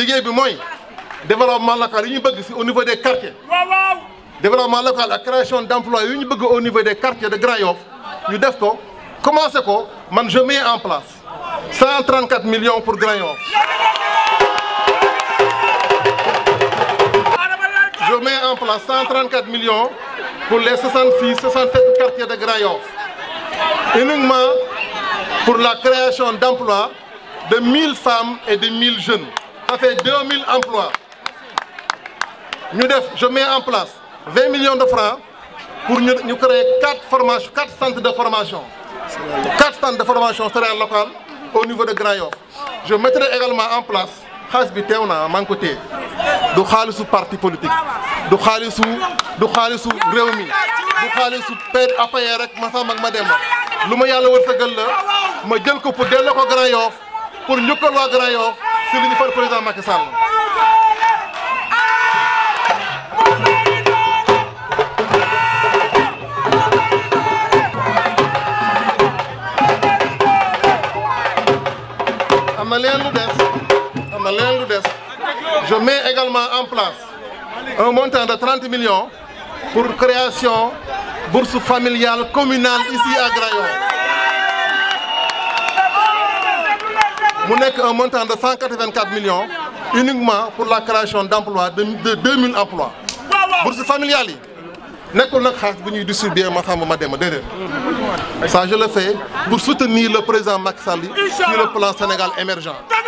liggéey bi mooy développement local yu ñu bëgg si au niveau des quartiers développement local ak création d' emploi yu ñu bëgg au niveau des quartiers de Grand Yoff ñu def ko commencé ko man je en place 134 millions pour Grand Yoff je mets en place 134 millions pour les 66 67 quartiers de Grand Yoff uniquement pour la création d'emplois de mille femmes et de 1000 jeunes ça fait 2000 emplois ñu def je mets en place 20 millions de francs pour ñu ñu créer quatre formations quatre centres de formation quatre centres de formation céréales local au niveau de Grand Yoff je mettrai également en place xaalis bi teew na maa ngi ko téye du xaalisu parti politique du xaalisu du xaalisu réew mi du xaalisu per apayee rek ma sàmm ma dem lu ma yàlla wërsëgal la ma jël ko pour delloo ko Grand Yoff pour njukkal waa Grand Yoff si li ñu far président Macky je mets également en place un montant de 30 millions pour création bourse familiale communale ici à mu nekk un montant de 184 millions uniquement pour la création d' emploi de de 2000 emplois bourse familiale yi nekkul nag xaalis bu ñuy distribuer ma xam ma dem déedéet ça je le fais pour soutenir le président Macky Sall sur le plan Sénégal émergent